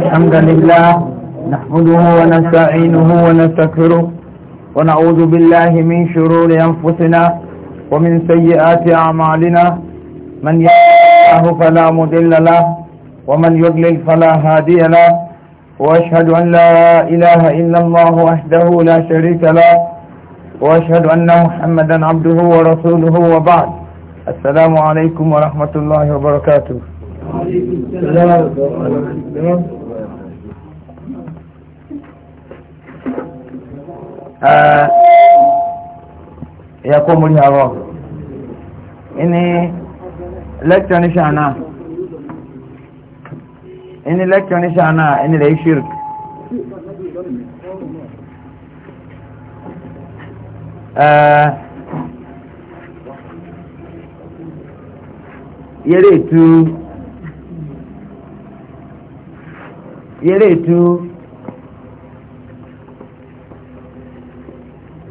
الحمد لله نحمده ونستعينه ونستغفره ونعوذ بالله من شرور أنفسنا ومن سيئات أعمالنا من يهده فلا مضل له ومن يضلل فلا هادي له وأشهد أن لا إله إلا الله وحده لا شريك له وأشهد أن محمدا عبده ورسوله وبعد السلام عليكم ورحمة الله وبركاته وعليكم السلام ورحمة الله وبركاته ẹ̀yà eh, kó múrí àwọ̀ ìní lẹ́kṣọ́ ní ṣàánà ìní lẹ́kṣọ́ ní ṣàánà ẹni rẹ̀ ṣírk eh, yẹ́rẹ̀ ètú yẹ́rẹ̀ ètú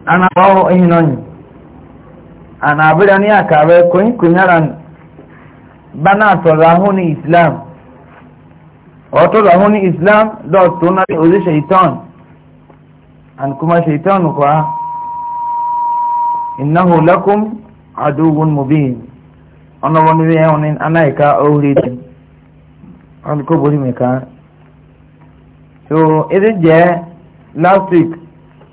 ana bawo inoni ana abira ni akabe kun kunyaran bana to rahuni islam oto rahuni islam do tuna ozi shaitan an kuma shaitan kwa innahu lakum aduwwun mubin Ana wonu ye onin anaika ohridin an ko bori meka so it je last week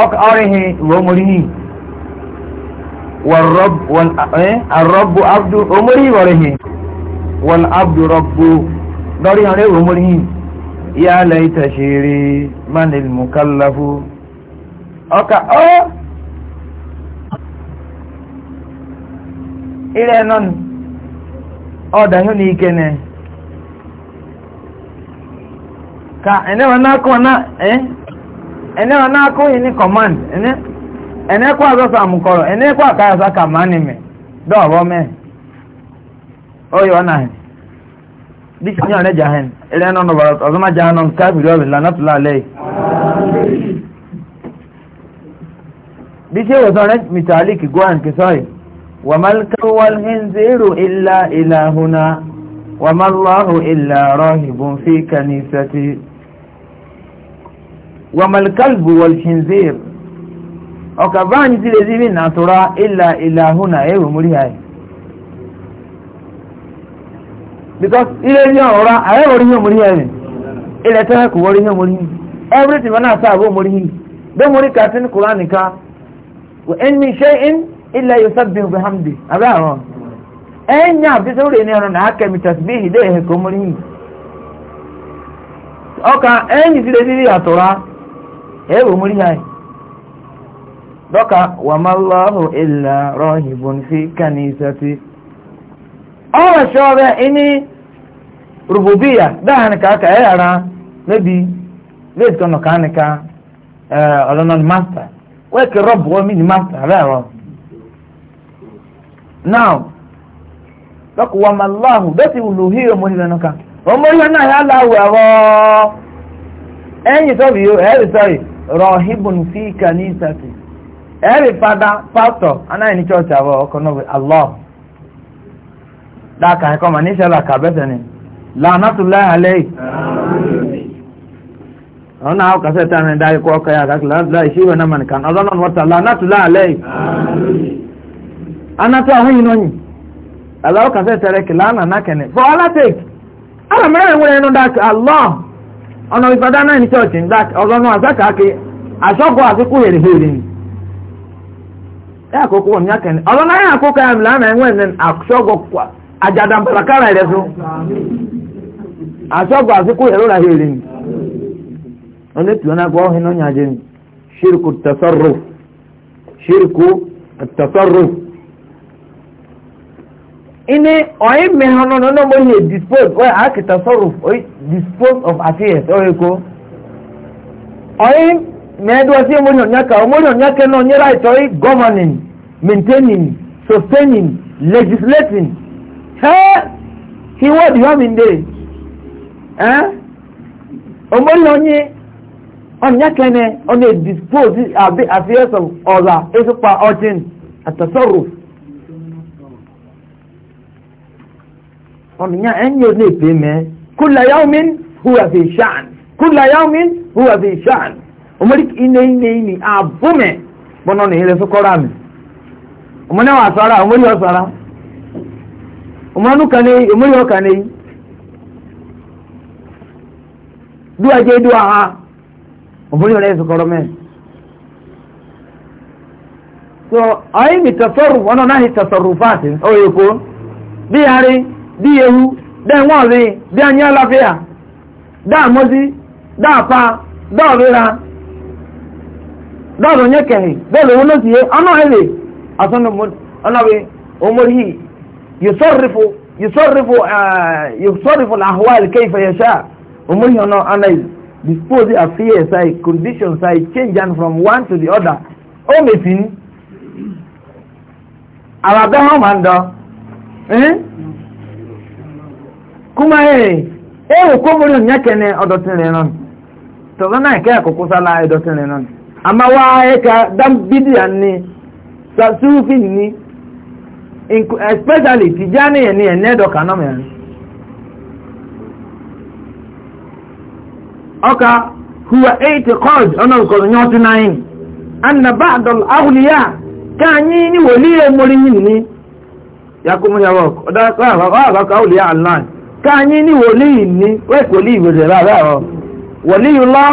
ọrịhị omorihi arọbụ abdu omorihi ọrịhị wọn abdu rọbụ lọrí hàn rẹ omorihi ya laita ṣeré manil mukallafu ọka ọ ilẹ̀ náà ọ̀dàyún ní ikẹ́nẹ̀ ka ẹ̀nẹ́wọ̀n náà kọ́ náà ẹ́ ene ona ko yini command ene ene ko azo sa mukoro ene ko akaya sa kamani me do bo me oyo na he dis ni ona jahen ele no no barat azuma jahanon ka bi do la natla lay bíṣe ìwòsàn rẹ̀ mìtàlì kì gọ́ọ̀n kì sọ́yì wàmálkawal hinziru illa ilahuna wàmálláhù illa rọ́hìbùn fi kanisati wàmàlìkálbù wàlìkìnzéèr ọ̀kà báyìí ti lè síbí nàtúrà ìlà ìlà húnà ẹ̀rù múrí àyè because ilé ní ọ̀rá àyẹ̀wò orí yóò múrí ẹ̀rìn ilẹ̀ tẹ́lẹ̀ kò wọ́rí yóò múrí everything wọn náà sáà bó múrí yìí bó múrí kàtí ní kúrán nìka wò ẹni mi ṣe in ilẹ̀ yóò sábẹ́ ìwé hamdi abẹ́ àwọn ẹ̀yìn àbísọ̀ rẹ̀ ní ọ̀nà náà kẹ́mi tàbí ìdẹ́ ẹ̀hẹ̀ kò ewu muri ha dọka wàmálọ́hù ilẹ̀ rọ́hìbùn fi kàníṣẹ́tì ọ̀rọ̀ ṣọ́ọ̀rẹ́ iní rububiya dáhàníkà aka ẹ̀ yàrá mẹ́bi late kan ọ̀ka nìka ọ̀lọ́nà ni master wẹ́ẹ̀kì rọ́bù omi ni master rẹ̀ rọ now dọ́ka bẹ́ẹ̀ ti wùlù híyọ̀ mọ́ni lẹ́nu kan náà yà ẹ̀yìn rahibun fi kanisati every father pastor anaghị ni church abụọ La n'obi allah daka ẹkọ ma ní sẹlẹ kàbẹsẹ ni lanatulahi alayhi ọ̀n náà kàṣẹ tán ní dáyé kọ́ ọkọ ya kàkì lanatulahi ṣíwẹ̀ náà náà wọ́ta for allah allah. ọ̀nà ìfadá náà ní church ń dá ọ̀rọ̀ náà àgbàkàkè àṣọ́kọ̀ àfikún hèrè hèrè ni ẹ àkókò wọn ní akẹ́ni ọ̀rọ̀ náà yẹn àkókò ayọ̀ lánàá ẹ̀wọ̀n ẹ̀ àṣọ́kọ̀ àjàdàmbalakàrà rẹ̀ fún àṣọ́kọ̀ àfikún hèrè rà hèrè ni ọ̀nà tí wọn náà gbọ́ ọ̀hìn náà yàjẹ́ ni ṣírkù tẹ̀sọ́rọ̀ ṣírkù tẹ̀sọ́rọ̀ ini oyin mehono no no moye dispose oye akita sorrow oye dispose of affairs oye ko oyin meedu asi omori onyaka omori onyaka na onye right oye governing maintaining sustaining legislating he he word you am in dey eh omori onye onyaka ne onye dispose the affairs of other esupa ọtin atasọrọ. ọmọ yẹn ẹ̀yìn ò ní ìpè mẹ́ kúlẹ̀ yàwó mi hùwà fi ṣàn kúlẹ̀ yàwó mi hùwà fi ṣàn ọmọdé iné iné iné àbú mẹ́ bọ́nà ní ilé sọ́kọ́rà mi ọmọdé wà sára ọmọdé wà sára ọmọdé kan ní ọmọdé wà kan ní dúwà dúwà ha ọmọdé wà sọ́kọ́rọ́ mẹ́ so ayé mi tasọrù wọn náà náà tasọrù fáàtì ó yẹ bí ewu dẹ́ wọ́n rí bí anyá láfíà dáàmọ́sí dáàpá dọ́ọ̀ríra dọ́ọ̀rọ̀ yẹ́ kẹ̀hìn bẹ́ẹ̀lẹ̀ wọn ló sì yé ọ̀nà ẹ̀rẹ̀ asọ́nàwé omori yìí yusọ́rìfò àhúwàlì kẹfẹ́ yẹ̀ṣà omori ọ̀nà anáyìí dispose affairs side conditions side change am from one to the other ó mèfin àràbẹ́ hàn máa ń dán kuma ee ewu kwomori nya kene odotire non to na ke akukusa la odotire non ama wa e ka dam bidian ni sa sufi ni especially tijani ni ene do kanom ya oka huwa i'tiqad ona ko nyoti nine anna ba'd al-awliya kanyi ni waliyo mori ni yakumu ya wako da ka ba ka awliya allah káàyí ní wòlíì ní wẹ́ẹ̀kì wòlíì ìwòsàn rárá ọ wòlíì lọ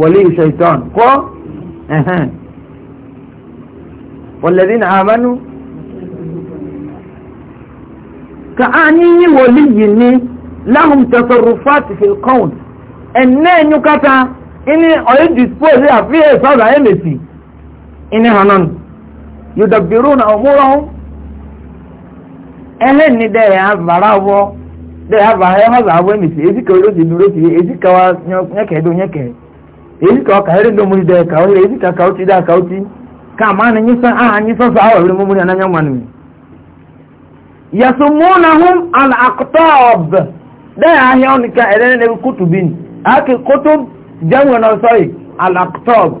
wòlíì ṣètàn kọ́ wọ̀lẹ́dí ní àmánú káàyí ní wòlíì ní láhùn tẹ̀sọ̀rọ̀ fáti fi kọ́ùn ẹ̀nẹ́ ẹ̀nyúkátá ini ọ̀yẹ́ dispose àfihàn de ya ba ha ha za abụ emisi ezi ka oro ji duro ti ezi ka wa nyeke do nyeke ezi ka ka hiri ndo muri de ka ohiri ezi ka ka uti da ka uti ka ma na nyi san ah nyi san so awori mu muri ananya manu mi yasumunahum al aqtab de ya hi on ka ere ne kutubin ake kutub jamu na sorry al aqtab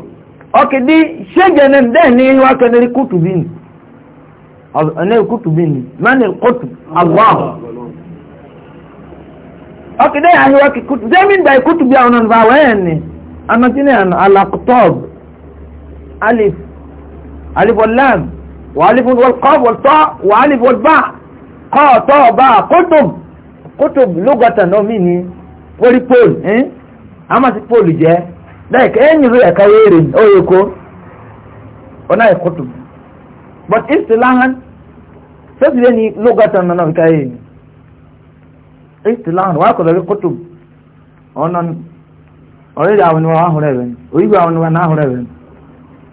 okay di shejene de ni wa ka ne kutubin ne kutubin man al qutub allah ọkìdẹ́ àyíwá kìkútù zemin by kútù bí àwọn ọ̀nà àwẹ́ẹ̀ni anatini alakutob alif alifolam wàlifowolkọ́b wọ́tọ́ wàlifowolbá kọ́ọ̀tọ́ bá kútùb kútùb lógọ́tà náà mí ni orí pole ẹ́n a máa ti pole eh? jẹ́ lẹ́ẹ̀kẹ́ ẹ̀yìn rẹ̀ ẹ̀ka wéèrè oyè kó ọ̀nà ìkútùb but istilahan sẹ́sìlẹ́ ni lógọ́tà náà náà fi ká yé ni istilahan wa ko daga kutub onon orida awon wa hore ben oyigo awon wa na hore ben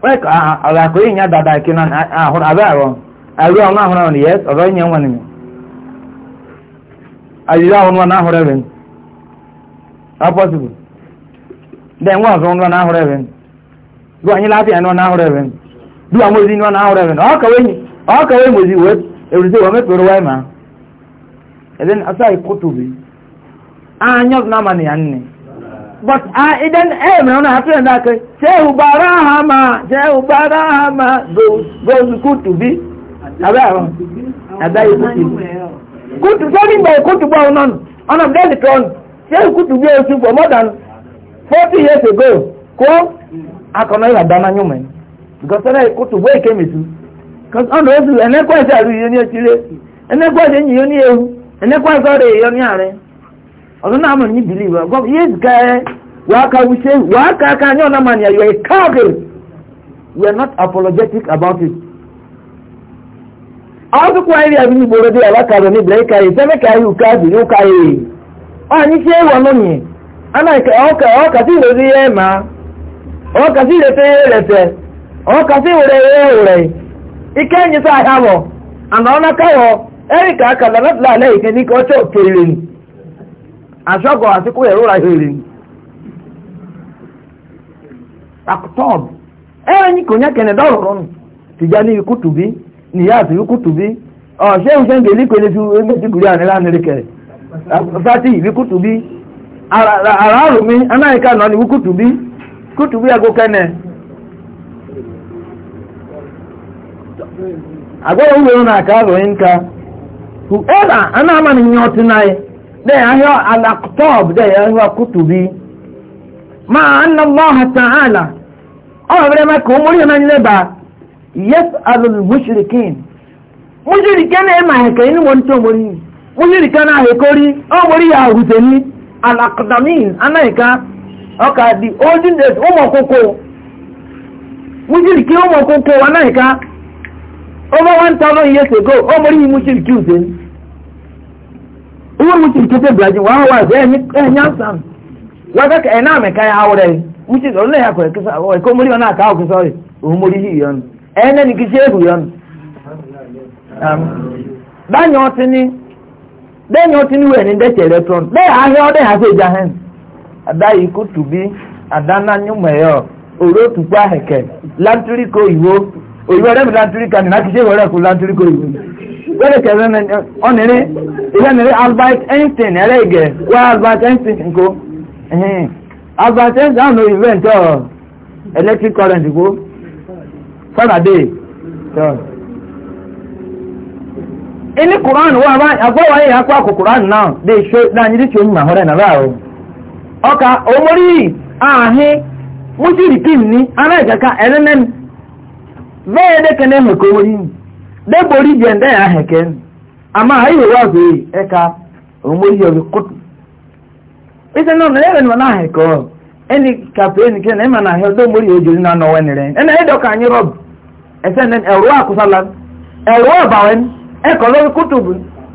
we ka ala ko yin ya dada kinan a hore abe awon aru awon ahore awon yes oro yin wani mi ayira awon wa na hore ben a possible den wa so wa na hore ben du anyi lati en wa na hore ben du amozi ni wa na hore we ni o ka we mozi we ewuri se and then aside kutubi anya na mani nne but a idan eh me ona hatu na kai sai ubarahama sai ubarahama goes goes kutubi abao abai kutubi kutu sorry by kutu ba unan on of dead throne sai kutubi o su for more than 40 years ago ko akona ya dana nyume because na kutubi e kemisu because on those and na kwa sai ru yoni chile and kwa sai yoni ehu enekwazo zọrọ eyo ni are ọdún náà mọ̀ ní bìlíwà gọ́ọ̀mù yéé zika ẹ ka aka you are a we are not apologetic about it. àwọn tó kọ́ ayé àbí ní gbòòrò dé àbákàrọ̀ ní ìbílẹ̀ ìkàyè sẹ́mi kàyè òkè àbí ní òkè àyè ọ̀hún ṣé wọ́n lọ nìyẹn ana ọkà ọkà sí ìrètí yẹ mà ọkà sí ìrètí yẹ rẹsẹ ọkà sí erika aka lalabla alẹ́ ìkẹ́ ní kí ọjọ́ òkè ire ni aṣọ́gọ̀ àsìkò ìrora ire ni akutọ́b ẹ̀rọ ní kò ní bi dọ́rọ̀rọ̀ nù tìjà ní ikú tùbí níyà àti ikú tùbí ọ̀ṣẹ́ ìṣẹ́ ìgbèlí pẹ̀lú fi gùrí ara mi ni wúwo na yín ká whoever anama ni nyote naye de ayo alaqtab de ayo kutubi ma anna allah ta'ala awre ala. Ọ muri na ni ụmụrụ ya mushrikin mushrikin e ma ke ni won to muri mushrikin a he kori oh, ya huteni al di mushrikin over 1000 years ago omori yi mushiriki use ni uwe mushiriki te blajin wa wa ze ni enya san wa ka ka na me kai awre mushiriki ona ya ko kisa o ko omori ona ka ko sorry omori hi yon ene ni kise ebu yon um danyo tini danyo tini we ni de electron de ahe o de ha se ja hen adai ko to be adana nyumeyo orotukwa heke lantriko iwo òyìnbó ẹ̀rẹ́ mi lantiri kan nìyà kì ìwọ̀rẹ́ kù lantiri kò yìí wẹ́rẹ́ kẹrẹ́ ní ọ̀nìrí ìwẹ́nìrí albert einstein ẹ̀rẹ́ ìgẹ̀ albert einstein nko albert einstein àwọn invent electric current kó faraday ini quran wa ba agbawa ya akwa ku quran now they show na nyi di ma hore na ba oka omori ahi ni ara ka ka bẹ́ẹ̀ dẹ́kẹ́ ní ẹ̀kọ́ orí dẹ́gbòrí jẹ́ ǹdẹ́ àhẹ̀kẹ́ àmà àìyè wà pé ẹka òmórí ọ̀rẹ́ kótó ìṣẹ́ náà nà ẹ̀rẹ́ nìmọ̀ náà àhẹ̀kọ́ ẹni na ẹni kẹ́ ẹ̀mà náà àhẹ́ ọdọ́mórí ojú ní náà nọ̀wẹ́ ọrụ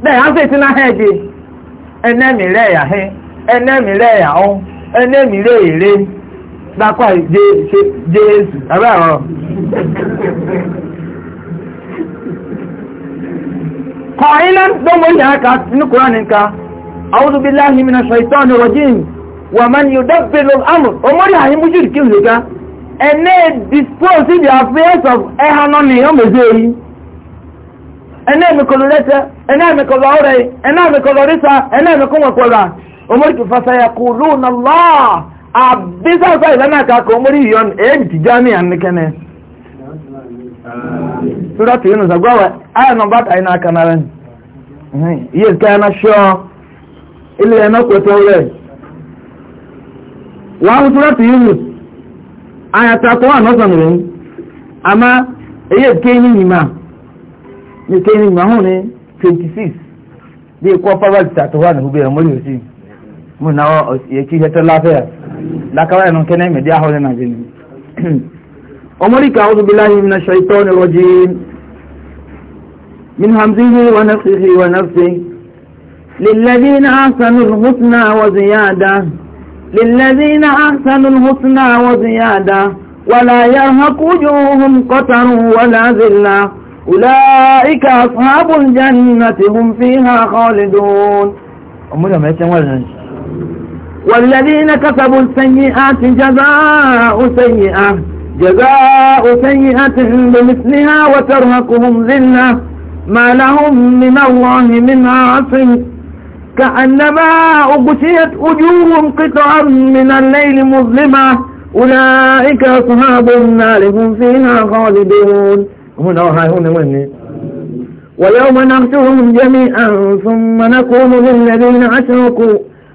na ọ ere. lápá jésù àbẹ́ àwọn kọ̀ọ̀ínà dọ́gbọ́ ní àkà ní kùránìká àwọ́dúbí láhìmínà ṣàìtọ́nù rọ̀jín wà mọ́ ni ìdọ́gbẹ̀lọ àmù omori àhímújú ìkí òyìnká ẹ̀nẹ́ dispose the affairs of ẹ̀hánà ní ọmọdé yìí ẹ̀nẹ́ mẹ́kọlọ lẹ́tẹ́ ẹ̀nẹ́ mẹ́kọlọ abisasa ilana kaka omori yon ebi eh, ti jami an nikene suratu yunus agwawa aya no kanaren eh, yes ka na sho ile na wa suratu yunus aya ta ko an osan re ama eye eh, ke ni ni ma ni ke ni ma hone 26 bi ko pa wa ta to wa na hubera mori osi mo na o ye ki heto lafia dakawa ẹnu kẹ́nẹ́ mẹ́dí ahọ́rẹ́ náà jẹ́ ni ọmọríkà ọdún bí láyé iná ṣaitọ́ ni rọjí min hamzihi wa nafsihi wa nafsi للذين أحسنوا الحسنى وزيادة للذين أحسنوا الحسنى وزيادة ولا يرهق وجوههم قتر ولا ذلة أولئك أصحاب الجنة هم فيها خالدون أمنا ما يتنوى والذين كسبوا السيئات جزاء سيئة جزاء سيئة بمثلها وترهقهم ذلة ما لهم من الله من عاصم كأنما أغشيت وجوههم قطعا من الليل مظلمة أولئك أصحاب النار هم فيها خالدون هنا وهاي هنا وهنا ويوم نغشوهم جميعا ثم نقول للذين أشركوا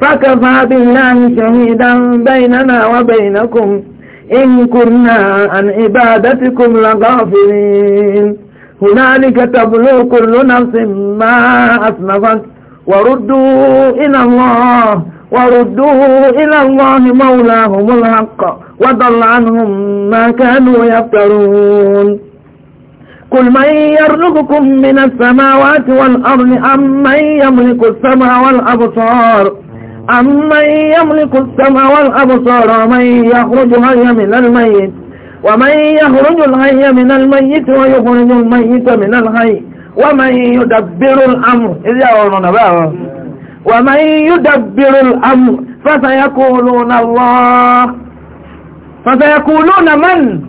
فكفى بالله شهيدا بيننا وبينكم إن كنا عن عبادتكم لغافلين هنالك تبلو كل نفس ما أسلفت وردوا إلى الله وردوا إلى الله مولاهم الحق وضل عنهم ما كانوا يفترون قل من يرزقكم من السماوات والأرض أم من يملك السماء والأبصار أمن يملك السماء والأبصار ومن يخرج الحي من الميت ومن يخرج الحي من الميت ويخرج الميت من الحي ومن يدبر الأمر إذا أولونا بقى ومن يدبر الأمر فسيقولون الله فسيقولون من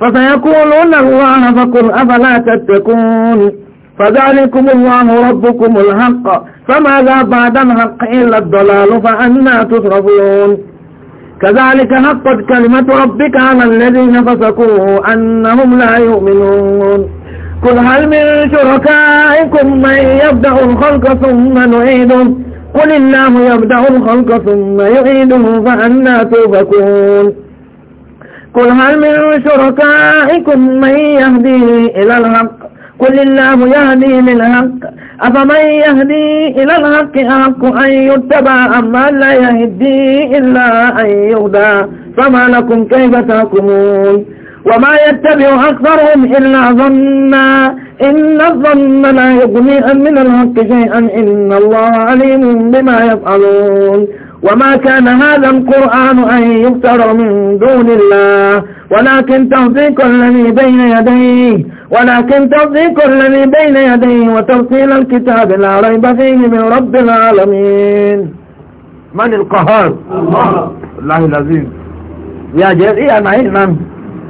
فسيقولون الله فقل أفلا تتكون فذلكم الله ربكم الحق فماذا بعد الحق إلا الضلال فأنا تصرفون كذلك حقت كلمة ربك على الذين فسقوا أنهم لا يؤمنون قل هل من شركائكم من يبدأ الخلق ثم نعيده قل الله يبدأ الخلق ثم يعيده فأنا توفكون قل هل من شركائكم من يهدي إلى الحق قل الله يهدي للحق أفمن يهدي إلى الحق أحق أن يتبع أما لا يهدي إلا أن يهدى فما لكم كيف تحكمون وما يتبع أكثرهم إلا ظنا إن الظن لا يغني من الحق شيئا إن الله عليم بما يفعلون وما كان هذا القرآن أن يفتر من دون الله ولكن تصديق الذي بين يديه ولكن تصديق الذي بين يديه وتفصيل الكتاب لا ريب فيه من رب العالمين من القهار الله الله العظيم يا جزئي أنا إيمان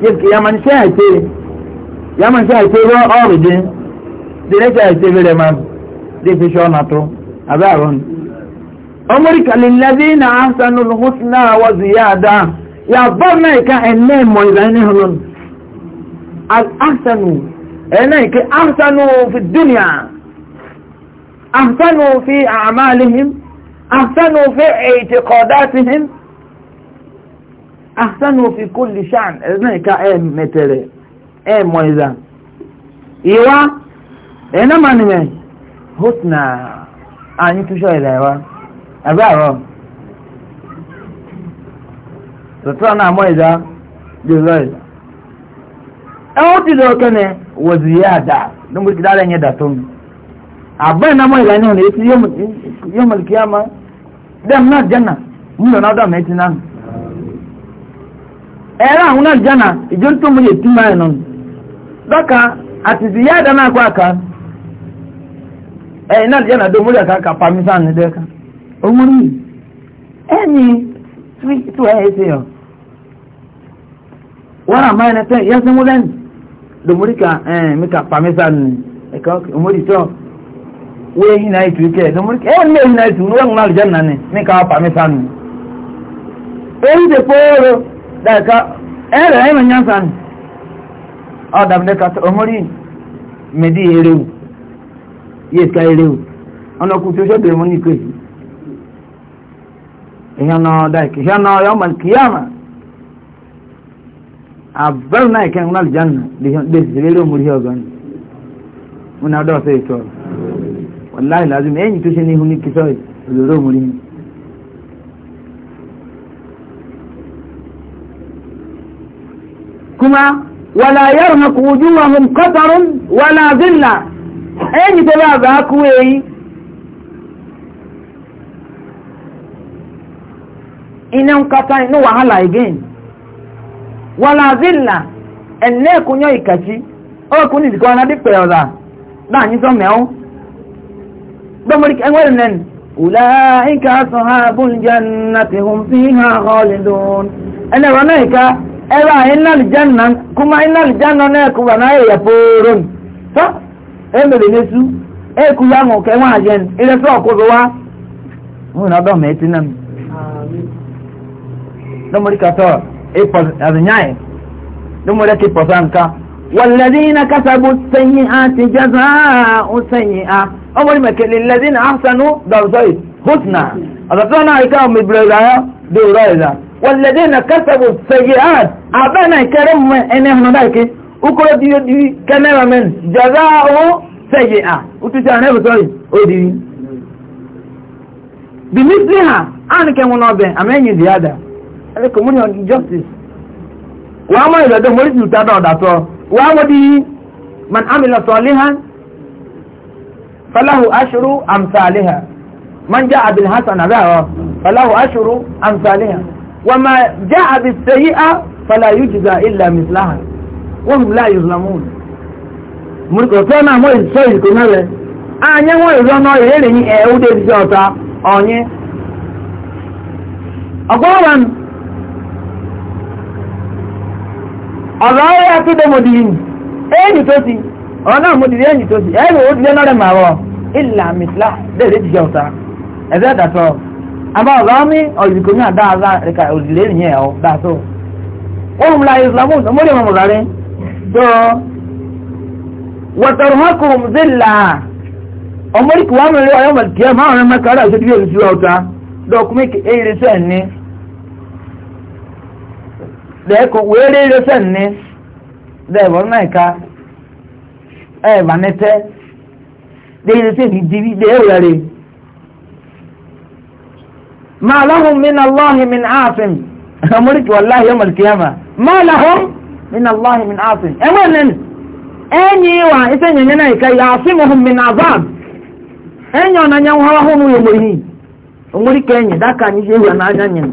يبكي يا من شاهدتي يا من شاهدتي هو أرضي دي ليس يستفيد من دي في أمرك للذين أحسنوا الحسنى وزيادة يا ظنك إنهم مؤذنهم الأحسنوا إنك أحسنوا في الدنيا أحسنوا في أعمالهم أحسنوا في اعتقاداتهم أحسنوا في كل شأن إنك إن متر إن مؤذن إيوا إنما نمي حسنى أني تشاهد إيوا ẹgbẹ́ àrọ tòtò náà mọ ìdá jùlọ yìí ẹwọ́n ti lọ kẹ́nẹ̀ wọ̀dù yẹ àdá lóun ti dára ẹ̀yẹ dàtọ́ mi àbẹ́ iná mọ ìlànà ọ̀nà etí yóò mọ̀ kí á má dẹ́m náà jẹ́nà múlò náà dọ̀ mẹ́tì náà ẹ̀rọ àwọn náà jẹ́nà ìjọ tó mú yẹ tí máa ẹ̀ nọ dọ́ka àtìsí yẹ àdá náà kọ́ àká ẹ̀yìn náà jẹ́nà dó múlò àká kà pàmísàn ní dẹ́ka. omuri ẹni tí wọ́n yẹ ṣe yàn wọ́n àmọ́ ẹni tẹ́ yẹ́ sínú lẹ́nu lomori ka ẹn pàmísà nù ẹ̀ka omori tọ́ wọ́n yẹ hinna ìtù kẹ́ lomori ka ẹ̀yìn lè hinna ìtù wọ́n ń lálùjẹ́ nà ni mi ka pàmísà nù èyí ti pòórò dàka ẹ̀rẹ̀ ẹ̀yìn mẹ́nyà sàn ọ̀ dàbílẹ̀ ka omori mẹ́dí eréwu yéèká eréwu ọ̀nà kùtù sọ́dọ̀ ẹ̀mọ́ ní ìkọ́ ihana daik ihana yawm alqiyama abarna ke ngul aljanna de zirelo muri hogan una do se to wallahi lazim en tu shini huni kisoy zirelo muri kuma wala yarhaqu wujuhahum qatarun wala dhilla en to ba ba kuwei ina nkata no wahala again wala zilla enne kunyo ikachi o kuni dikwa na dikpe oda da nyi so mewo do mori enwere nen ulaika ashabul jannati hum fiha khalidun ana wanaika ewa innal janna kuma innal janna na kuwa na ya poron so emele nesu e kuya ngo ke wa jen ile so ko wa mo na do me tinam domori kato azinyaye domori ki posanka والذين كسبوا السيئات جزاء سيئة أمر ما كان للذين أحسنوا درجات حسنى أذكرنا إكرام بالبلايا دورايزا والذين كسبوا السيئات أبانا كرم إن إحنا ذاك أكل ديو دي كنما من جزاء سيئة وتجانا بتوي أودي بمثلها أنا كم نوبة أمين زيادة ẹni kò múni justice wà á mọ ìrọ̀dọ̀ mọ́rí sí ìta á mọ́ di man amila sọ̀líhan falahu ashuru amsaliha man jẹ́ abil hasan àbẹ́rọ falahu ashuru amsaliha wà má jẹ́ abil sayi'a fala yujiza illa mislahan wọ́n mú láàyè islamun múni fẹ́ náà mọ́ ìsọ ìkò náà rẹ̀ àyẹ̀wò ìrọ̀nà ẹ̀ ọ̀rọ̀ ọ̀rẹ́ àtúndé mo dìrì ẹ̀yìn tó ti ọ̀rọ̀ náà mo dìrì ẹ̀yìn tó ti ẹ̀rù ó dìrì ẹ̀nọ́rẹ̀ màá wọ̀ ìlà mìtìlá lẹ́rẹ̀ ti jẹ ọ̀tá ẹ̀fẹ́ dàtọ̀ àbá ọ̀rọ̀ mi ọ̀yìnkò ní àdá àzá ẹ̀ka òdìlé nìyẹn ọ̀ dàtọ̀ wọ́n mu la islamu ọmọdé mọ̀ mọ̀sáré tó wọ̀tọ̀rọ̀mọ́kùn zìlà ọmọdé kìwámi rẹ̀ ọ̀yọ́mọ̀ kìí deko were ire senne debo naika e vanete de ire se divi de yare ma lahum min allah min asim amurik wallahi yawm alqiyama ma lahum min allah min asim emanen enyi wa isenye nyana ika yasimuhum min azab enyo na nyanwa hunu yomuri omuri kenye daka nyi yewa na anya nyina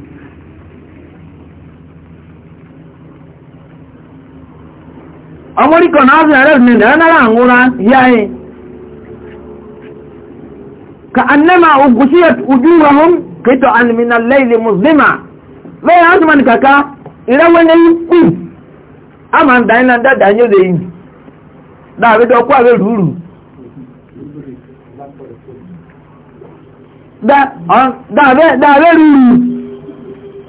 ọmọdékọ̀ náà ọ̀sán ẹ̀rẹ́ ìsinmi náà ka annama ugushiyat ujuhahum qit'an min al-layli muslima la yasman kaka ira wani ku aman dai da danyo de yi da bi do kwa be ruru da on da be da be ruru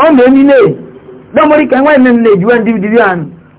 on de ni ne mori kan wa men ne an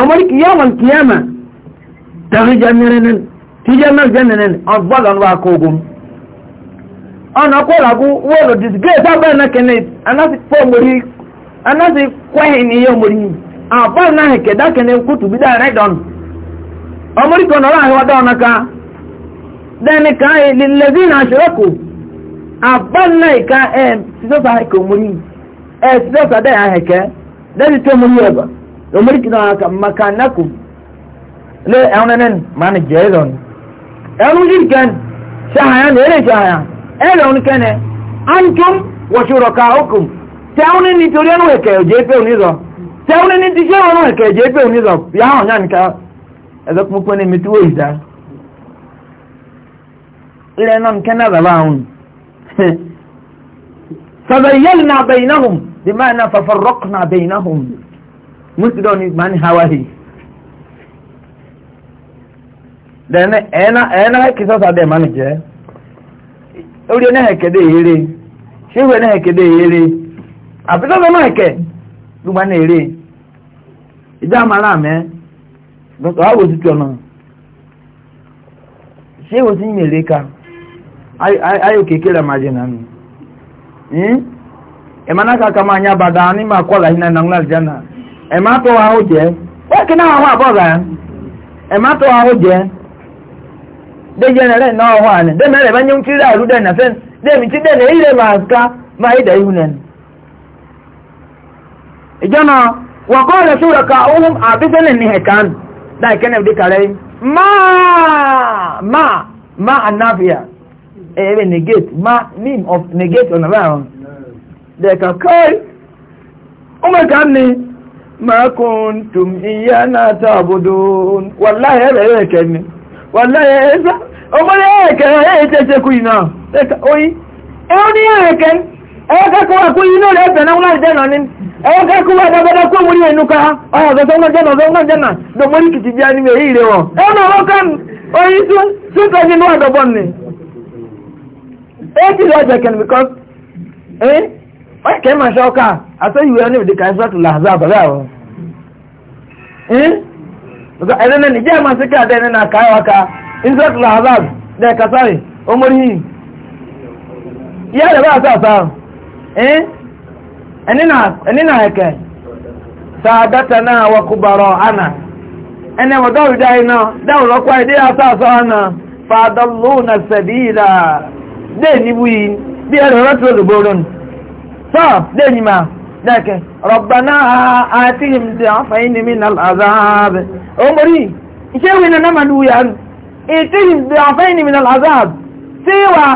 ọmọdé kìyàmọ̀ kìyàmọ̀ tàbí jẹ́mìrìnìn tí jẹ́mìrìnìn ọgbọ́dọ̀ wà kógun ọ̀nà kọ́làkú wọ́lù disgrace abẹ́ náà kẹ́nẹ́ anáti pọ́ mori anáti kwẹ́hìn ní iye mori àpọ́ náà hẹ̀kẹ́ dákẹ́nẹ́ kútù bí dáa dọ́n ọmọdé kan náà láàrin wọ́dọ̀ ọ̀nà ká dẹ́ni ká lèlẹ́bí náà omuriki na aka makanakum le ɛwonenen mani jɛɛlɔn ɛwon yirikan sahaya na ere sahaya ɛlɔn kɛnɛ antum wɔsurɔkaokum tɛwoni nítorí ɛnu hɛkɛ ɔjɛ pe oni zɔ tɛwoni ní tíṣe ɛnu hɛkɛ ɔjɛ pe oni zɔ yà hàn yàn ká ɛzɔ kumukun ní mi tí wò yìí dá ilé ɛnɔn kɛnɛ zaba ahun sɔbɛ yɛlina bɛyinahum Muslim is man hawahi. Then ena ena kisa sa de Ori na hekede ere. Shewe na hekede ere. Apita no make. Du man ere. Ija mara me. Do ka wo si tono. Shewe si mi leka. Ai ai ai ni. na ẹ̀má tó wa ó jẹ́ wọ́n kí náà àwọn àbọ̀gà ẹ̀má tó wa ó jẹ́ déjẹ́ ẹ̀rẹ́ náà wà ní dẹ́mẹ̀rẹ̀ bá nyún kírí àrú dẹ̀ nàfẹ́ dẹ́mi tí dẹ́nà ilẹ̀ máa ká máa ìdẹ̀ ihu nẹ̀ ìjọ́nà wọ́n kọ́ ọ̀rẹ́ sóra ka ohun àbísẹ́lẹ̀ ní ẹ̀kan láì kẹ́nẹ̀ dé kàrẹ́ ma máa máa anáfíà ẹ̀rẹ́ e, negate ma mean of negate ọ̀nà báyọ̀ dẹ̀ka kọ́ ọmọ ìkànnì makuntum iyana ta'budun wallahi ebe eke ni wallahi eza omole eke echeche ku ina eka oyi oni eke eka ko ku le na una de na eka ku wa da muri enuka jana zo na jana do muri kiti bia e na wo su su ni no because eh atọ iwe ni dịka ịsatụ lahaza abala ahụ ẹni na nijẹ́ ma síkà dẹ́ ní na káyọ̀ aka ịsatụ lahaza dẹ́ kasari omori yìí ya dẹ̀ bá a sáà ẹni na ẹ̀kẹ́ sàdátà náà wà kúbarọ̀ ana ene wọ́n dọ́wì dáyé náà dáwọ̀ lọ́kọ́ ẹ̀dẹ́ yà sáà sáà náà fàdọ́lù na sẹ̀bíìlà dẹ́ níbu yìí bí ẹ̀rọ rẹ̀ tó dẹ́kẹ̀ rọ̀bàná àti ìmìtì àfàyín mi nà àzáàbẹ̀ omori iṣẹ́ ìwé nà màdù yàrù ìtì ìmìtì àfàyín mi nà àzáàbẹ̀ tí wà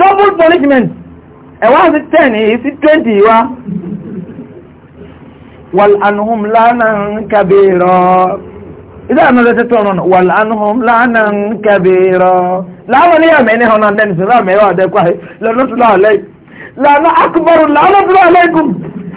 double punishment ẹ̀wá sí 10 èyí sí 20 wá wàl'anuhum lánàá kàbírọ̀ ìdá àmì rẹ̀ tẹ́tọ́ ọ̀nà wàl'anuhum lánàá kàbírọ̀ láwọn ní àmì ẹni ọ̀nà lẹ́nìí sí láàmì ẹwà àdẹ́kọ́ lọ́nà tó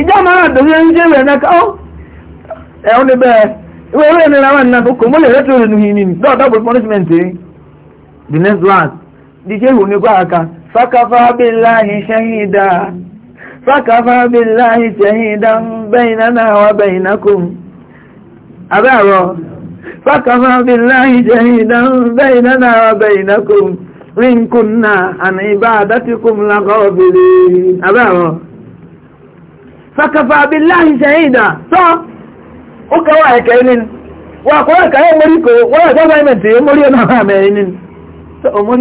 ìjá máa ń jẹ́ rẹ̀ náà káọ́ ẹ̀hún ni bẹ́ẹ̀ ìwé ìwé ìnira wà nínú kò mọ́lẹ̀ rẹ̀ tó rẹ̀ nìyí nìyí dọ́ọ̀ punishment the next one di ṣe ìhùn nípa àkà fákàfà bíláhì ṣẹ́hìndà fákàfà bíláhì ṣẹ́hìndà bẹ́yìnà náà wà bẹ́yìnà náà wà ìbá àdátìkùn lágọ́ ọ̀bìnrin abẹ́ àrọ̀ fakafa billahi shahida so uka wa hekainin wa kwa ka e mori ko wa government e na ha me nin so o Ogwo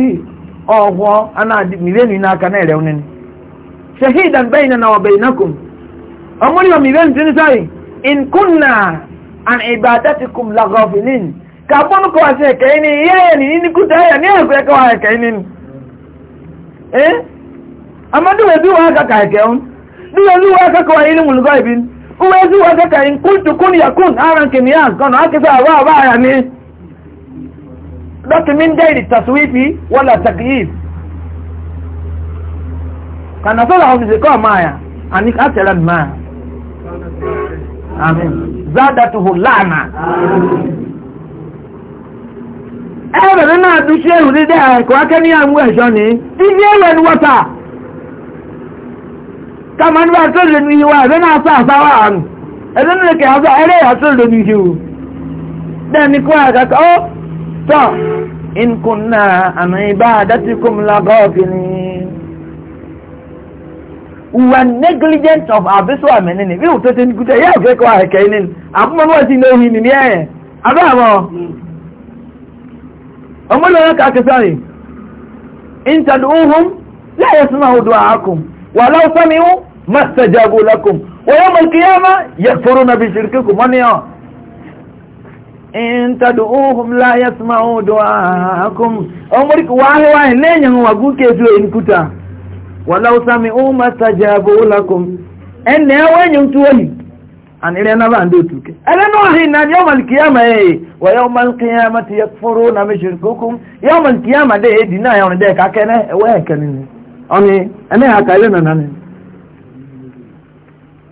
ohwo ana mileni na aka na ere unin shahidan bainana wa bainakum o mori mileni tin sai in kunna an ibadatikum la ghafilin ka bon ko wa se kaini ye ni ni ku ta ya ni ko ka wa hekainin eh amadu we bi wa ka ka hekainin bí olúwa kẹ́kọ̀ọ́ ilé mùlùgọ́ ìbí kúwé sí wọ́n kẹ́kẹ́ ìkúntùkún yakun aran kìnìyàn gọ́nà ákẹ́sẹ́ àwọ́ àwọ́ ara mi lọ́kìmí ń dẹ́rì tàṣíwífì wọ́lá tàkìyìf kànáfẹ́lá ọ̀fíìsì kọ́ máa àní kásẹ̀rẹ̀ máa amin zádàtúhù láàmà ẹ̀rẹ̀ nínú àdúṣe ìrùdídẹ́ ẹ̀kọ́ akẹ́ ní àmú ẹ̀ṣọ́ ni dídí ẹ̀rẹ̀ ni wọ́ta kama ndị atụ ụlọ n'ihi wa ebe na-asa asawa ahụ ebe nne ka azụ ere ya atụ ụlọ n'ihi wu then kwa aka ka ọ oh, tọ in kunna a ibadatikum la ghafilin we were negligent of our vessel amenene we were totally ya oge kwa aka e inin abuma mo si no hin ni eh abụọ mo omo lo ka ka sari in tad'uhum la yasma'u du'aakum wa law sami'u ما استجابوا لكم ويوم القيامة يكفرون بشرككم ونيا إن تدعوهم لا يسمعوا دعاءكم أمرك واهي واهي لين ينوغو كيسو إنكتا ولو سمعوا ما استجابوا لكم أن يوين يمتوني أن إلينا باندوتك ألا نوحي أن يوم القيامة إيه ويوم القيامة يكفرون بشرككم يوم القيامة دي دينا يوم ديك أكينا وهكذا أني أنا هكذا ناني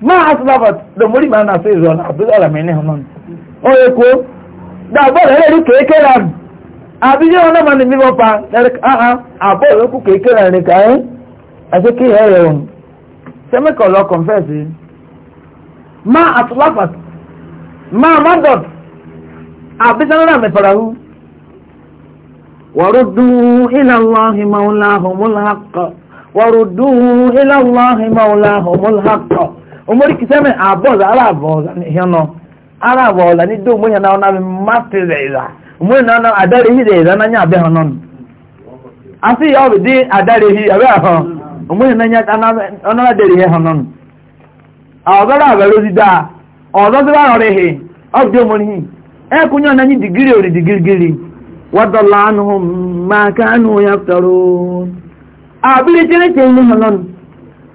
máa sábà lòmórí máa nà sí ìzọ̀nà àbúrò ọ̀làmì ní ọmọ ó yẹ kó dàbọ̀lù ẹlẹ́rìí kéékèèrè àmì àbí yẹ́ wọn náà máa ní mímọ́ pa àbọ̀lù ẹkú kéékèèrè àmì ká ẹ́ àti kí ẹ yẹ wọn sẹ́mẹ́kọ̀ lọ kọ̀ǹfẹ́sì máa àtúláfà máa má dọ̀t àbí sẹ́mẹ́rà mẹ́fàrà hù omori kisɛmɛ abɔza ara abɔza ni hɛnɔ ara na mati zɛza omori hɛnɔ na adari hi na nya abɛ hɛnɔ no asi yɛ ɔbi di adari hi na hɔ omori hɛnɔ nya ɔna adari hi hɛnɔ no ɔzɔra abɛro si daa omori hi e digiri ori digirigiri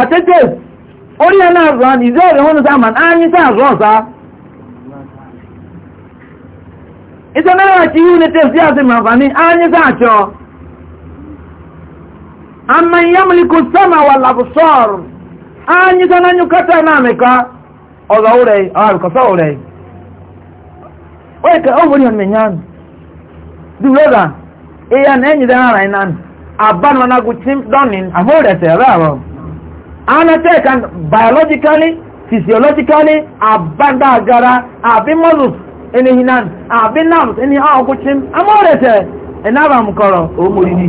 àtẹ́tẹ́ orí aláàzọ́ ìzẹ́ ọ̀rẹ́ wọn sáà màn áyí sáà na ọ̀sá ìsẹ́ náà ti yí àti màfàní áyí sáà àmà ìyámìlìkù sọ́mà wà làbùsọ́ọ̀rù áyí sáà náà náà mẹ́ka ọ̀zọ̀ ọ̀rẹ́ ọ̀rẹ́kọ̀sọ́ ọ̀rẹ́ ọ̀rẹ́kọ̀ ọ̀gbọ̀n yàn mẹ́nyàn dùrọ̀dà anatech and biologically physiologically abandagara abi models enihi nan abi nams enihi ọgwụchim amọrete enaba m kọrọ omoriri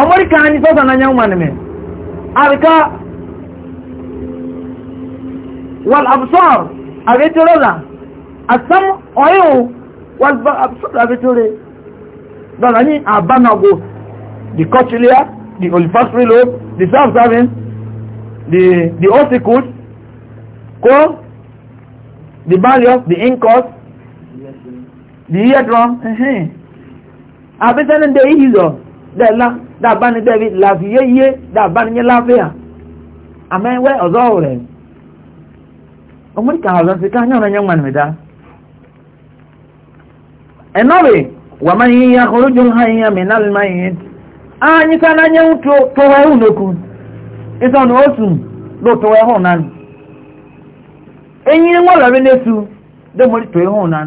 omori ka anyị sọsọ n'anya nwanne nime abika wal absor abitorola asam oyiwu wal absor abitore dọla anyị abanagwo the cochlear the olfactory lobe, the self-serving, the, the ossicles, core, the ballius, the incus, the eardrum, àbísẹ́ni dé ìhìlọ̀ dẹ́lá dábáni dẹ́bi làfíyé yé dábáni yé láfíà àmẹ́wẹ́ ọ̀zọ́ rẹ̀ ọmọdéka ọ̀zọ́ sí ká yọ̀nà yẹn wọn mìíràn ẹ̀nọ́rì wàmáyé yá kọlójú ń ha yẹn mìíràn máyé anyị ka na nye ụtụ tụwa ihu n'okwu ịsọ na otu lụtụwa ihu na enyi nwalarị n'esu domori tụwa ihu na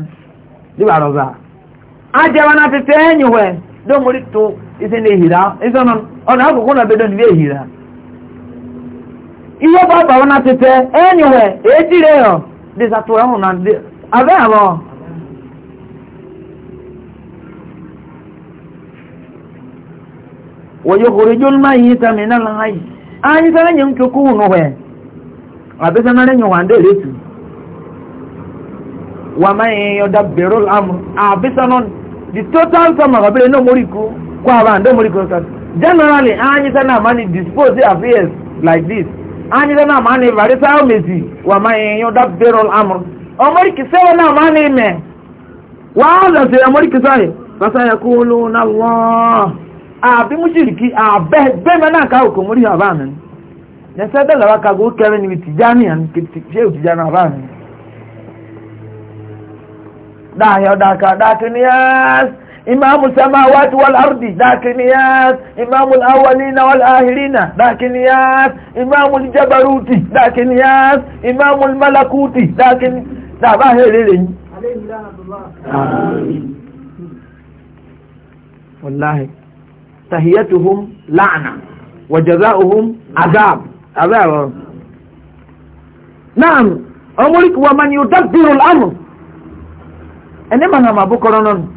dịba rọza ajaba na tete enyi we domori tụ isi na ehira ịsọ na ọ na akụkụ na bedo n'ibe ehira ihe bụ abawa na tete enyi we etire yọ dịsa tụwa ihu na abịa abụọ ويخرج الميت من الحي ayi tara nyim tuku no we abisa na anyị wande letu wa may yadabbiru al-amr abisa non the total sum of abire no moriku kwa bande moriku ka generally ayi tara mani dispose affairs like this ayi tara mani varisa mezi wa may yadabbiru al-amr omoriki sewa na àbí mùsùlùkì àbẹ́gbẹ́mẹ́ náà ká òkò mórí àbá mi yẹnsẹ́ bẹ́ẹ̀ lọ́wọ́ kago kẹrin níbi tìjà nìyẹn ṣé ò tìjà náà bá mi. dáhìá dáka dákìníyàs imaamu samawati wal ardi dákìníyàs imaamu awalina wal ahirina dákìníyàs imaamu jabaruti dákìníyàs imaamu malakuti dákìní dábà tahiyatuhum la'na wa jazaohum azab azab naam omorik wa man yudabbiru al-amr ene mana mabukoro non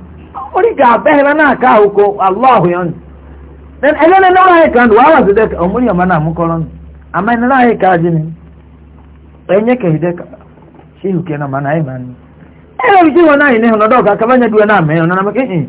orika behra na ka huko allah yon then elene no ra kan wa wa de omori ma na mukoro ama ene ra ka jini enye ke hide ka shi hukena mana ai ele biji wona ine hono doka kabanya duwe na me ona na makin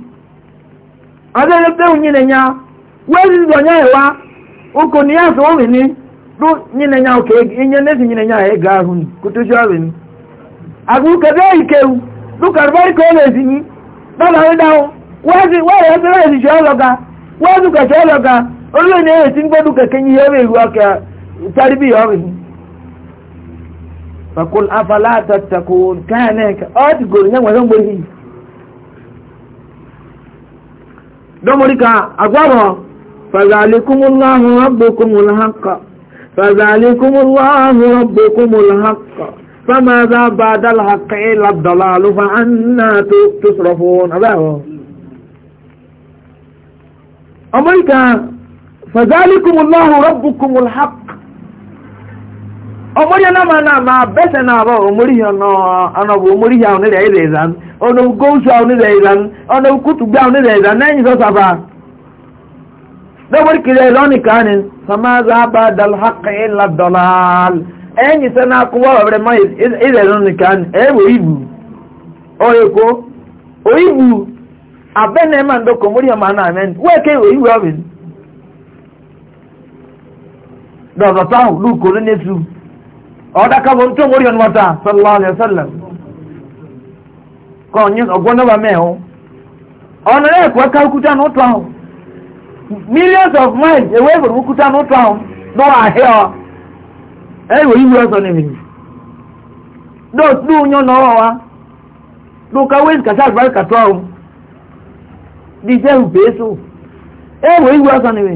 azẹ́lẹ́pẹ́ òyìnlẹ̀nyà wẹ́ẹ̀rìndì ọ̀nyá ẹ̀wá okò ní yàtọ̀ òwì ní ló yìnlẹ̀nyà òkè ìyẹn lẹ́sìn yìnlẹ̀nyà ẹ̀ ga ahùn kò tó ṣe àwẹ̀ ní. àgùnkẹ́dẹ́ ìkẹwù ló kàrùbá ìkọ́ ẹ̀lẹ́sìn yìí lọ́la rí dáhùn ka domorika agwaro fazalikumullahu rabbukumul haqqa fazalikumullahu rabbukumul haqqa فماذا بعد الحق إلا الضلال فأنا تصرفون أبعه أمريكا فذلكم الله ربكم الحق omori na ma na ma bese na ba omori yo no ana bo omori ya oni dai dai zan ono go so oni dai zan ono kutu gba oni dai zan nan so saba da wor kire loni kanin sama za ba dal haqq illa dalal enyi sana ko wa bre ma ile loni kan e wo ibu oye ko o ibu abene ma ndo ko omori ma na men we ke o ibu obin dọ̀dọ̀ táwọn lúkò ní nẹ́sùn ọ̀dá kàbọ̀ tó mórí ọ̀nà wata sallallahu alaihi wasallam kọ́ ní ọgbọ́n náà mẹ́ọ̀ ọ̀nà rẹ̀ kọ́ ká kúta ní ọ̀tọ̀ ahùn millions of miles away from kúta ní ọ̀tọ̀ ahùn lọ́wọ́ àhẹ́ ọ ẹ̀rọ yìí wọ́n sọ ní mi dóòtú yán náà wa lóka wéyìn kàtà àgbáríkàtọ́ ahùn díjẹ́ ìgbésù ẹ̀rọ yìí wọ́n sọ ní mi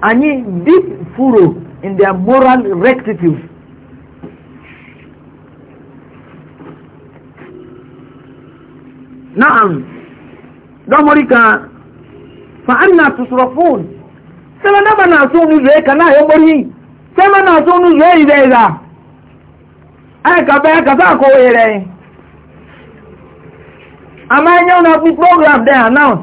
anyị deep furo in their moral rectitude na'am dọmọrika fa'anna tusrafun sẹ́wọ́n náà máa nàásù ní ìzẹ́ ẹ̀ka náà yọ́gbọ́n yìí na nàásù ní ìzẹ́ n'uzo ìzà ẹ̀ka bẹ́ẹ̀ kàtà ka rẹ̀ àmọ́ ẹ̀yẹ́ wọn á fi program there announce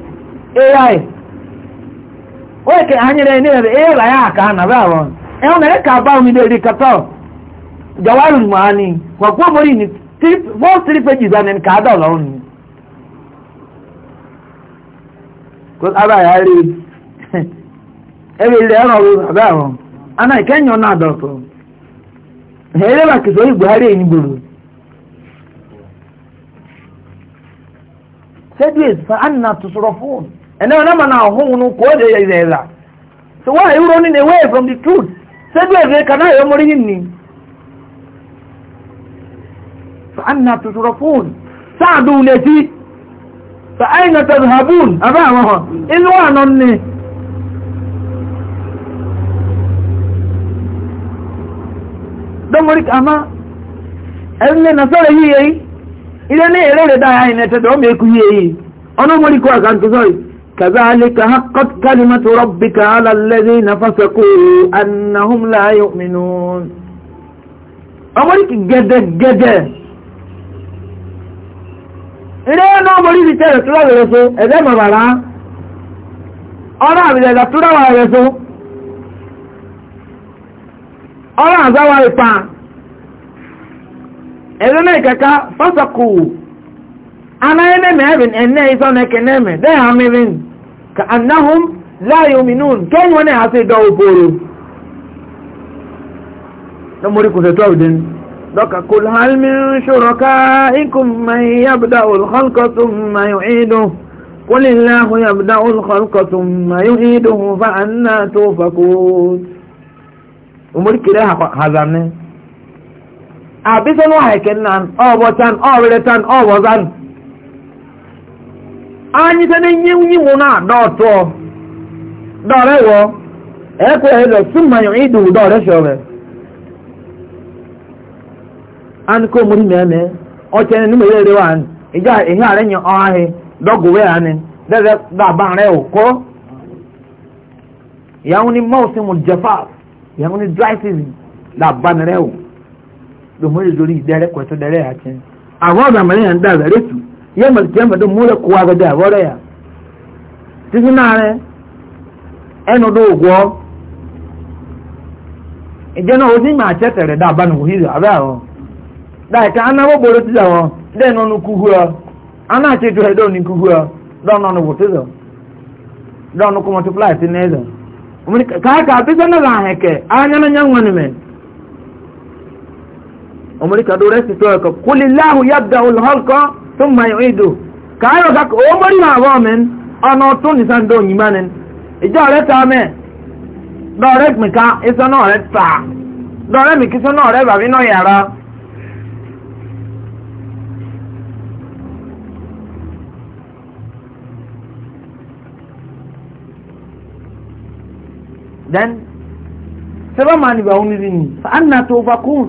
AI weke hanyere ne be era ya aka na bawo e ona e ka ba mi de kato jawarul maani wa ko mori ni tip wo three pages anen ka Ada ọrụ ni ko aba ya ri ọrụ bi ọrụ ro lo bawo ana kenyo na do to hele ba ki so igbuhari ni buru said yes fa anna and nama na ohun nu ya de yeza so why you running away from the truth said we they na yo mori fa anna tusrafun sa'du lati fa aina tadhhabun aba wa in wa nonni don mori ama enne na sore yi yi ile ne ere da ya ine te do yi كذلك حقت كلمة ربك على الذين فسقوا أنهم لا يؤمنون أمريك جدا جدا ilé ẹ̀nà ọmọrí ti tẹ́rẹ̀ tó láwẹ̀ rẹ̀só ẹ̀dẹ́ mọ̀bàrá ọ̀rọ̀ àbìlẹ̀dà tó láwẹ̀ rẹ̀só ọ̀rọ̀ àzáwà ìpa ẹ̀rẹ́ náà ìkẹ́ká fásakù anáyẹ́ nẹ́mẹ̀ ẹ̀rìn ẹ̀nẹ́ ìsọ́nẹ́kẹ́ nẹ́mẹ̀ dẹ́ àmìrin ka annahum la yu'minun ken wani hasi da uboro dan muri ku se to din doka kul hal min shurakaikum man yabda'u al-khalqa thumma yu'iduhu قل الله يبدأ الخلق ثم يعيده فأنا توفكون umuri kire hazanne abisan wa heken nan obo tan obere tan obo zan anyị sị na nye nye nwụ na-adọ dọrọ wọ ekwe shọrọ ihe are e e nyi o ahe dogu daa ani dede da ban re ko yauni mawsimul jafa yauni dry season da ban re o do mo dere ko to dere atin awon da mere yan yamal kiyama dum mura kuwa ga da bore ya tisina re eh? eno do gwo ijena odi ma chetere da banu hizo abe awo da e ka ana bo boro ti dawo de no nu kuhua ana che to hedo ni kuhua don no no wotizo don no ko multiply ti nezo umni ka ka bisana la heke anya na nyangwani men umri ka do resi to e ko kulillahu yabda'ul halqa tó ma yọ ìdò káyọ̀ kakọ̀ ó mọ́rí máa wọ́ mi ọ̀nà tó nìsan dó òyìnbá ni ìjọ rẹ̀ ta mẹ́ dọ̀rẹ́ mi ká iṣẹ́ náà rẹ̀ ta dọ̀rẹ́ mi kíṣẹ́ náà rẹ̀ bàbí náà yàrá. then sẹ́fà máa nìbà òun nìyí ni anna tó fakún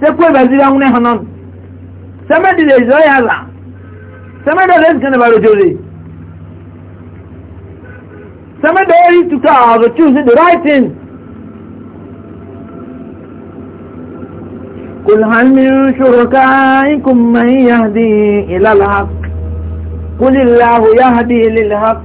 sekwe bazira ngune hanon samedi de zoya la samedi de zgane baro jori samedi de to ta the choose the right thing قل هل من شركائكم من يهدي إلى الحق قل الله يهدي للحق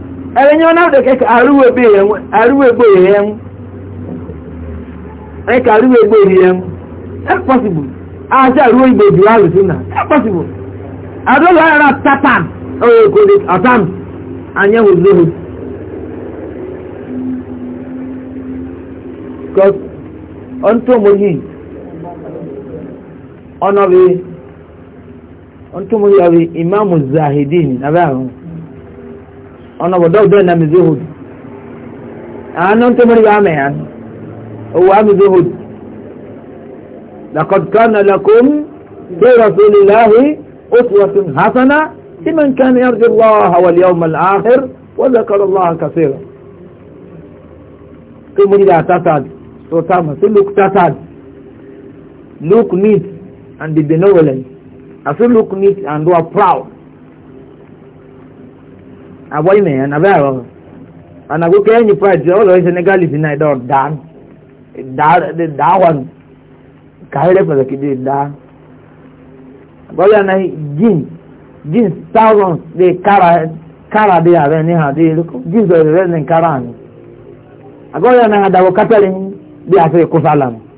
ẹ̀rẹ́yìn wọn náà dẹ̀kẹ́ àrúwẹ̀ gbòòrè ẹ̀mú ẹ̀mú ẹ̀ àrúwẹ̀ ìgbòdì àrùsùnà ẹ̀ pọ́sibù ọ̀nà bíi ọ̀ntọ́mọ̀yì ọ̀bí ìmáàmù zahidin abẹ́ àrùn ọ̀nà ọ̀dọ́ ọ̀dọ́ ẹ̀nà mizuhud àánú tó mẹ́rin wà mẹ́hàn owó amizuhud lakọ̀dùkánà lakum tó rasulillahi uswatun hasana tí mẹ́ nǹkan yàrá jù lọ́wọ́ hawali ọmọ al'ahir wọ́n zakar allah kafir tó mẹ́rin da tatad tó tamà sí luke tatad look neat and be benevolent as you look and you proud abọ́ ilẹ̀ yẹn nàbẹ́ àrọ́ ànàgó kẹ́yìn pride ọ̀lọ́ senegal fi náà dọ̀ dáa dáa wà nù kàhẹ́rẹ́ pàtàkì dé dáa abọ́lé àná jeans jeans thousands dé kára kára dé àrẹ ní hàn dé lóko jeans ọ̀rẹ́ rẹ̀ ní kára àná abọ́lé àná àdàwọ̀ kátàlẹ́ dé àfẹ́ kó sálàmù.